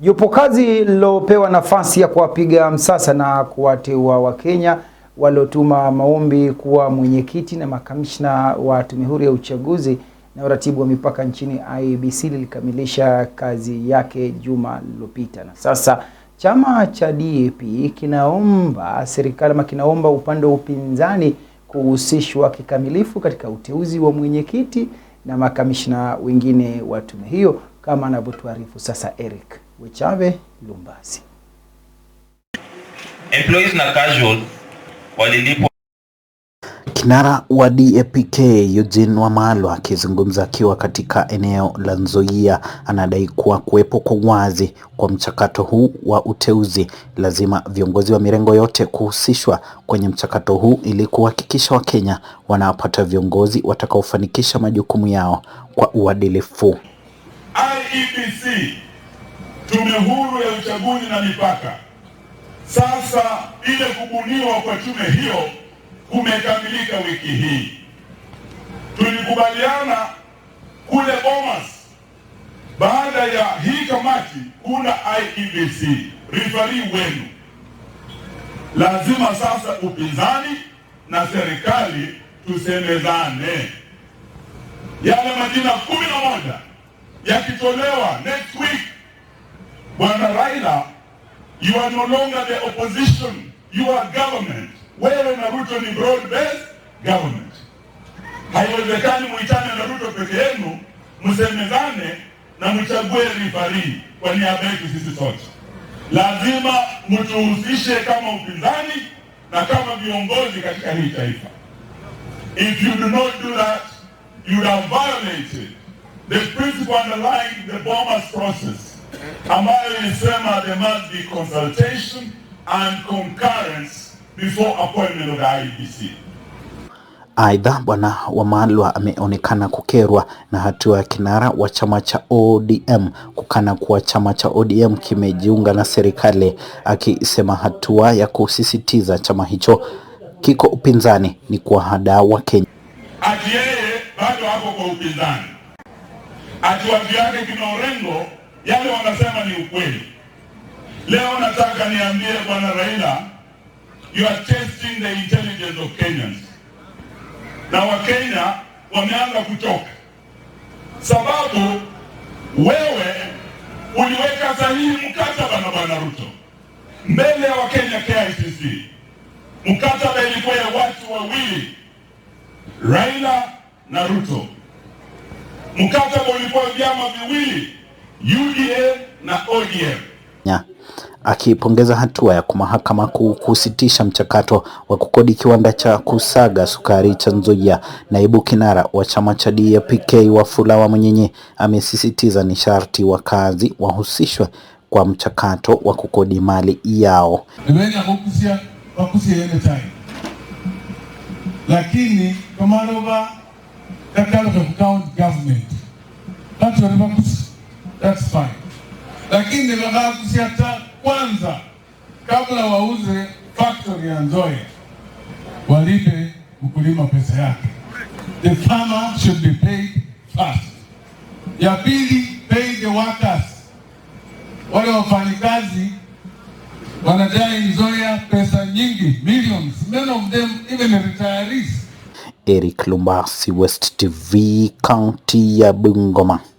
Jopo kazi lilopewa nafasi ya kuwapiga msasa na kuwateua Wakenya waliotuma maombi kuwa mwenyekiti na makamishna wa Tume Huru ya Uchaguzi na Uratibu wa Mipaka nchini IEBC lilikamilisha kazi yake juma lililopita, na sasa chama cha DAP kinaomba serikali ama kinaomba upande wa upinzani kuhusishwa kikamilifu katika uteuzi wa mwenyekiti na makamishna wengine wa tume hiyo kama anavyotuarifu sasa Eric Wechave Lumbasi. Employees na casual walilipwa. Kinara wa DAPK Eugene Wamalwa akizungumza akiwa katika eneo la Nzoia anadai kuwa kuwepo kwa uwazi kwa mchakato huu wa uteuzi, lazima viongozi wa mirengo yote kuhusishwa kwenye mchakato huu ili kuhakikisha Wakenya wanapata viongozi watakaofanikisha majukumu yao kwa uadilifu. TEBC, Tume Huru ya Uchaguzi na Mipaka. Sasa ile kubuniwa kwa tume hiyo kumekamilika wiki hii. Tulikubaliana kule Bomas, baada ya hii kamati, kuna IEBC rifari wenu. Lazima sasa upinzani na serikali tusemezane yale majina kumi na moja yakitolewa next week, Bwana Raila, you are no longer the opposition, you are government. Wewe na Ruto ni broad based government. Haiwezekani muitane na Ruto peke yenu, msemezane na mchague rifari kwa niaba yetu sisi sote. Lazima mtuhusishe kama upinzani na kama viongozi katika hii taifa. If you do not do that, you are violated the principle underlying the bombers process ambayo ilisema there must be consultation and concurrence before appointment of the IEBC. Aidha, Bwana Wamalwa ameonekana kukerwa na hatua ya kinara wa chama cha ODM kukana kuwa chama cha ODM kimejiunga na serikali, akisema hatua ya kusisitiza chama hicho kiko upinzani ni kwa kuwahadaa Wakenya, ati yeye bado hapo kwa upinzani kina kinorengo yale wanasema ni ukweli. Leo nataka niambie Bwana Raila, you are testing the intelligence of Kenyans, na Wakenya wameanza kuchoka, sababu wewe uliweka sahihi mkataba na Bwana Ruto mbele ya Wakenya KICC. Mkataba ilikuwa ya watu wawili, Raila na Ruto Mkataba ulikuwa vyama viwili UDA na ODM yeah. Akipongeza hatua ya mahakama kuu kusitisha mchakato wa kukodi kiwanda cha kusaga sukari cha Nzoia, naibu kinara wa chama cha DAP-K Wafula Mwenyenye amesisitiza ni sharti wakazi wahusishwe kwa mchakato wa kukodi mali yao. Lakini that kind of a down government. Watu walivakusi, that's fine. Lakini kusi hata kwanza, kabla wauze factory ya Nzoia, walipe mkulima pesa yake. The farmer should be paid first. Ya pili, pay the workers. Wale wafanyikazi wanadai Nzoia pesa nyingi, millions. Many of them even retirees Eric Lumbasi, West TV, kaunti ya Bungoma.